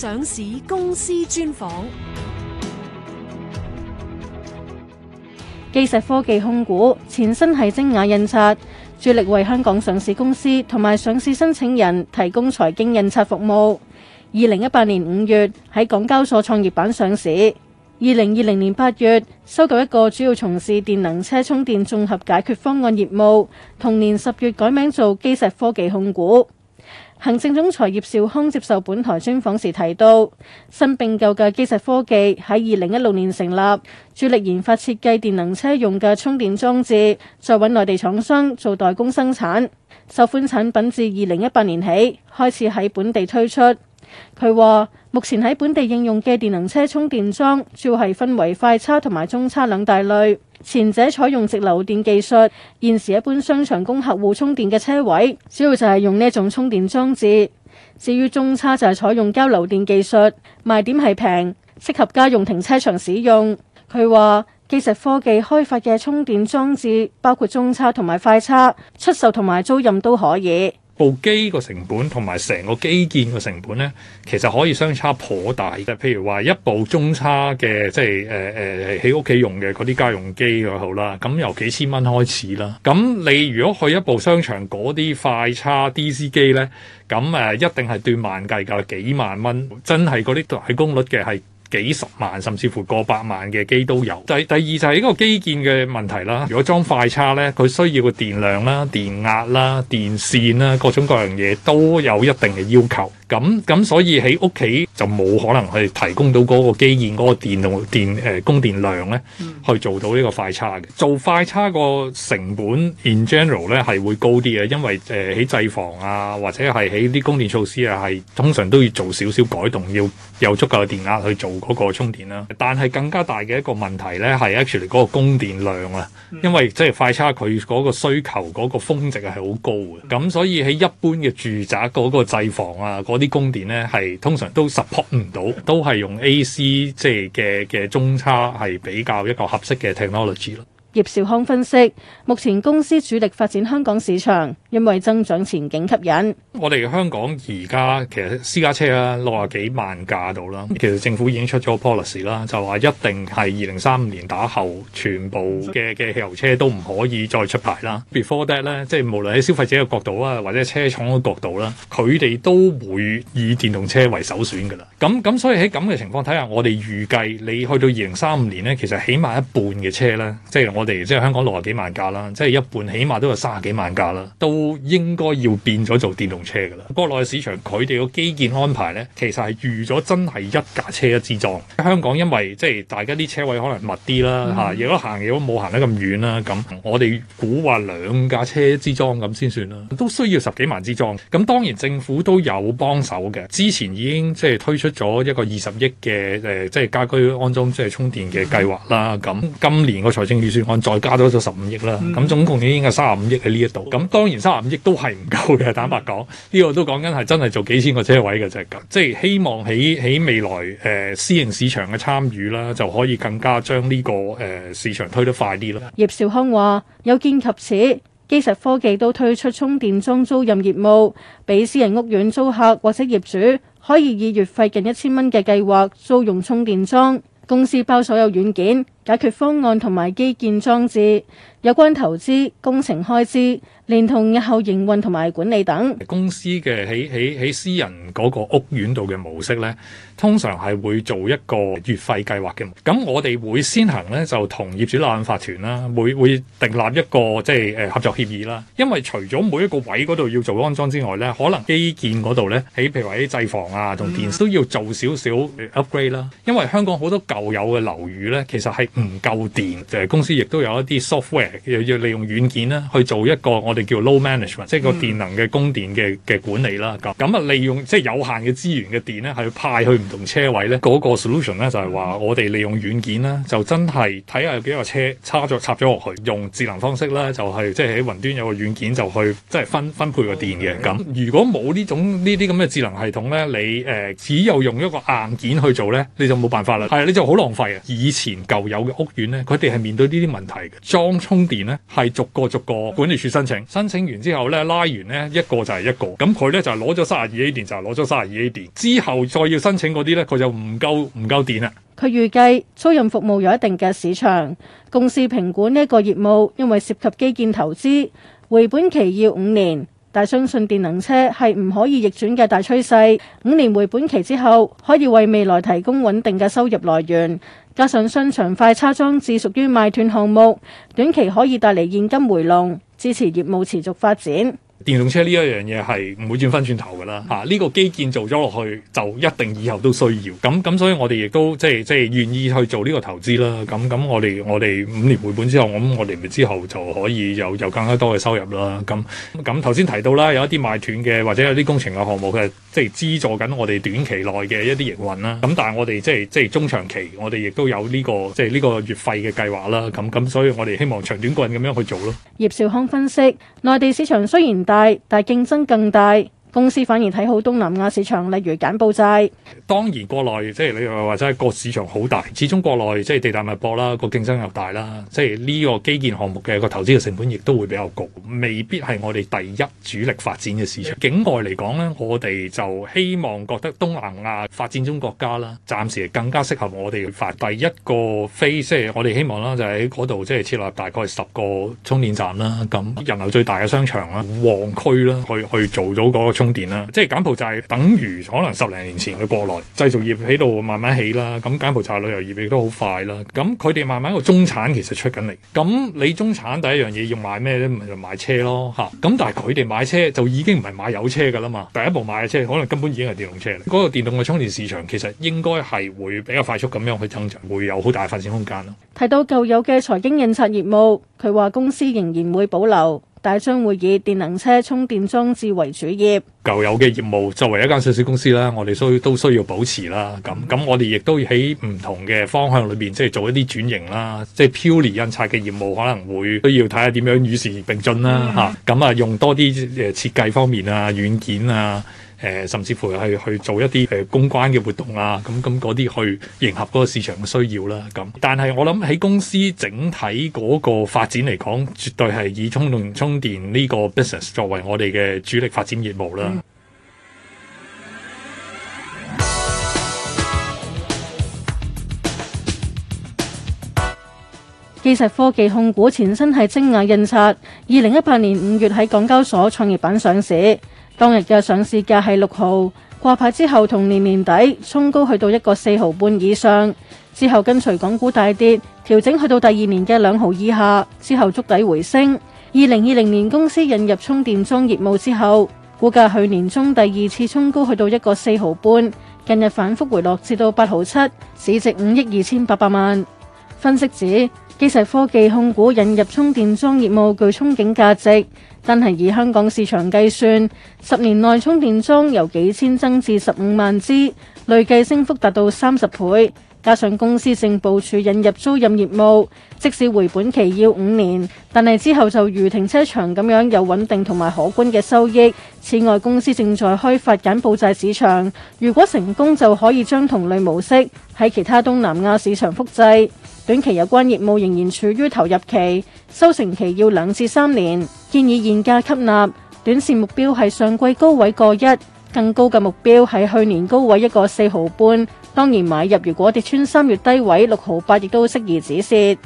上市公司專訪，基石科技控股前身係精雅印刷，致力為香港上市公司同埋上市申請人提供財經印刷服務。二零一八年五月喺港交所創業板上市。二零二零年八月收購一個主要從事電能車充電綜合解決方案業務，同年十月改名做基石科技控股。行政總裁葉兆康接受本台專訪時提到，新併購嘅基石科技喺二零一六年成立，主力研發設計電能車用嘅充電裝置，再搵內地廠商做代工生產，首款產品自二零一八年起開始喺本地推出。佢話目前喺本地應用嘅電能車充電樁主要係分為快叉同埋中叉兩大類。前者採用直流電技術，現時一般商場供客戶充電嘅車位，主要就係用呢種充電裝置。至於中叉，就係採用交流電技術，賣點係平，適合家用停車場使用。佢話，基石科技開發嘅充電裝置包括中叉同埋快叉，出售同埋租賃都可以。部機個成本同埋成個基建個成本呢，其實可以相差頗大嘅。譬如話一部中叉嘅，即係誒誒喺屋企用嘅嗰啲家用機又好啦，咁由幾千蚊開始啦。咁你如果去一部商場嗰啲快叉 DC 機呢，咁誒一定係對萬計噶，幾萬蚊，真係嗰啲大功率嘅係。幾十萬甚至乎過百萬嘅機都有。第第二就係呢個基建嘅問題啦。如果裝快叉呢，佢需要個電量啦、電壓啦、電線啦，各種各樣嘢都有一定嘅要求。咁咁所以喺屋企就冇可能去提供到嗰個基建嗰、嗰個電動電供電量呢、嗯、去做到呢個快叉嘅。做快叉個成本 in general 呢係會高啲嘅，因為誒喺製房啊，或者係喺啲供電措施啊，係通常都要做少少改動，要有足夠嘅電壓去做。嗰、那個充電啦，但係更加大嘅一個問題咧，係 actually 嗰個供電量啊，因為即係快叉佢嗰個需求嗰個峰值係好高嘅，咁所以喺一般嘅住宅嗰個製房啊，嗰啲供電咧係通常都 support 唔到，都係用 AC 即係嘅嘅中叉係比較一個合適嘅 technology 咯。葉兆康分析，目前公司主力發展香港市場，因為增長前景吸引。我哋香港而家其實私家車啊，六十幾萬架到啦，其實政府已經出咗 policy 啦，就話一定係二零三五年打後，全部嘅嘅汽油車都唔可以再出牌啦。Before that 咧，即係無論喺消費者嘅角度啊，或者車廠嘅角度啦，佢哋都會以電動車為首選噶啦。咁咁，所以喺咁嘅情況底下，我哋預計你去到二零三五年呢，其實起碼一半嘅車咧，即係我哋即係香港六十幾萬架啦，即係一半起碼都有三十幾萬架啦，都應該要變咗做電動車噶啦。國內市場，佢哋個基建安排咧，其實係預咗真係一架車一支裝。香港因為即係大家啲車位可能密啲啦，吓、嗯，如果行嘢都冇行得咁遠啦，咁我哋估話兩架車一支裝咁先算啦，都需要十幾萬支裝。咁當然政府都有幫手嘅，之前已經即係推出咗一個二十億嘅誒、呃，即係家居安裝即係充電嘅計劃啦。咁今年個財政預算。再加多咗十五億啦，咁總共已經係三十五億喺呢一度。咁當然三十五億都係唔夠嘅，坦白講，呢個都講緊係真係做幾千個車位嘅啫。即係希望喺喺未來誒私營市場嘅參與啦，就可以更加將呢個誒市場推得快啲咯。葉兆康話：有見及此，基石科技都推出充電樁租賃業務，俾私人屋苑租客或者業主可以以月費近一千蚊嘅計劃租用充電樁，公司包所有軟件。解決方案同埋基建裝置有關投資工程開支，連同日後營運同埋管理等。公司嘅喺喺喺私人嗰個屋苑度嘅模式呢，通常係會做一個月費計劃嘅。咁我哋會先行呢，就同業主立案法團啦，會會訂立一個即係、誒、合作協議啦。因為除咗每一個位嗰度要做安裝之外呢，可能基建嗰度呢，喺譬如話啲製房啊同電視都要做少少 upgrade 啦。因為香港好多舊有嘅樓宇呢，其實係。唔夠電，誒公司亦都有一啲 software，要要利用軟件啦，去做一個我哋叫 low management，即係個電能嘅供電嘅嘅管理啦。咁咁啊，利用即係有限嘅資源嘅電咧，係派去唔同車位咧，嗰個 solution 咧就係話我哋利用軟件咧，就真係睇下有幾個車插咗插咗落去，用智能方式咧就係即係喺雲端有個軟件就去即係分分配個電嘅。咁、嗯、如果冇呢種呢啲咁嘅智能系統咧，你、呃、只有用一個硬件去做咧，你就冇辦法啦。係你就好浪費啊！以前舊有。嘅屋苑呢，佢哋係面對呢啲問題嘅，裝充電呢，係逐個逐個管理處申請，申請完之後呢，拉完呢一個就係一個，咁佢呢，就係攞咗三十二 A 電就係攞咗三十二 A 電，之後再要申請嗰啲呢，佢就唔夠唔夠電啦。佢預計租賃服務有一定嘅市場，公司評估呢個業務，因為涉及基建投資，回本期要五年，但相信電能車係唔可以逆轉嘅大趨勢，五年回本期之後，可以為未來提供穩定嘅收入來源。加上商場快拆裝置屬於賣斷項目，短期可以帶嚟現金回籠，支持業務持續發展。電動車呢一樣嘢係唔會轉翻轉頭噶啦嚇，呢個基建做咗落去就一定以後都需要咁咁，所以我哋亦都即係即係願意去做呢個投資啦。咁咁，我哋我哋五年回本之後，我咁我哋咪之後就可以有有更加多嘅收入啦。咁咁頭先提到啦，有一啲賣斷嘅或者有啲工程嘅項目嘅，即係資助緊我哋短期內嘅一啲營運啦。咁但係我哋即係即係中長期，我哋亦都有呢個即係呢個月費嘅計劃啦。咁咁，所以我哋希望長短個人咁樣去做咯。葉兆康分析內地市場雖然大，但係競爭更大。公司反而睇好東南亞市場，例如柬埔寨。當然國內即係你話齋係個市場好大，始終國內即係地大物博啦，個競爭又大啦，即係呢個基建項目嘅個投資嘅成本亦都會比較高，未必係我哋第一主力發展嘅市場。境外嚟講咧，我哋就希望覺得東南亞發展中國家啦，暫時更加適合我哋發第一個飛，即係我哋希望啦，就喺嗰度即係設立大概十個充電站啦，咁人流最大嘅商場啦、旺區啦，去去做到嗰個。充電啦，即係柬埔寨等於可能十零年前嘅國內製造業喺度慢慢起啦，咁柬埔寨旅遊業亦都好快啦，咁佢哋慢慢個中產其實出緊嚟，咁你中產第一樣嘢要買咩咧？咪就買車咯嚇，咁但係佢哋買車就已經唔係買油車噶啦嘛，第一步買嘅車可能根本已經係電動車，嗰個電動嘅充電市場其實應該係會比較快速咁樣去增長，會有好大發展空間咯。提到舊有嘅財經印刷業務，佢話公司仍然會保留。但係將會以電能車充電裝置為主業，舊有嘅業務作為一間上市公司啦，我哋需都需要保持啦。咁咁，我哋亦都喺唔同嘅方向裏面，即係做一啲轉型啦。即係漂離印刷嘅業務，可能會需要睇下點樣與時並進啦。吓，咁啊，用多啲誒設計方面啊，軟件啊。誒，甚至乎係去做一啲誒公關嘅活動啊，咁咁嗰啲去迎合嗰個市場嘅需要啦。咁，但係我諗喺公司整體嗰個發展嚟講，絕對係以充電充電呢個 business 作為我哋嘅主力發展業務啦。基、嗯、石 科技控股前身係精雅印刷，二零一八年五月喺港交所創業板上市。當日嘅上市價係六毫掛牌之後，同年年底衝高去到一個四毫半以上，之後跟隨港股大跌調整，去到第二年嘅兩毫以下，之後築底回升。二零二零年公司引入充電樁業務之後，股價去年中第二次衝高去到一個四毫半，近日反覆回落至到八毫七，市值五億二千八百萬。分析指。基石科技控股引入充電樁業務具憧憬價值，但係以香港市場計算，十年內充電樁由幾千增至十五萬支，累計升幅達到三十倍。加上公司正部署引入租賃業務，即使回本期要五年，但係之後就如停車場咁樣有穩定同埋可觀嘅收益。此外，公司正在開發柬埔寨市場，如果成功就可以將同類模式喺其他東南亞市場複製。短期有關業務仍然處於投入期，收成期要兩至三年，建議現價吸納。短線目標係上季高位過一，更高嘅目標係去年高位一個四毫半。當然買入如果跌穿三月低位六毫八，亦都適宜止蝕。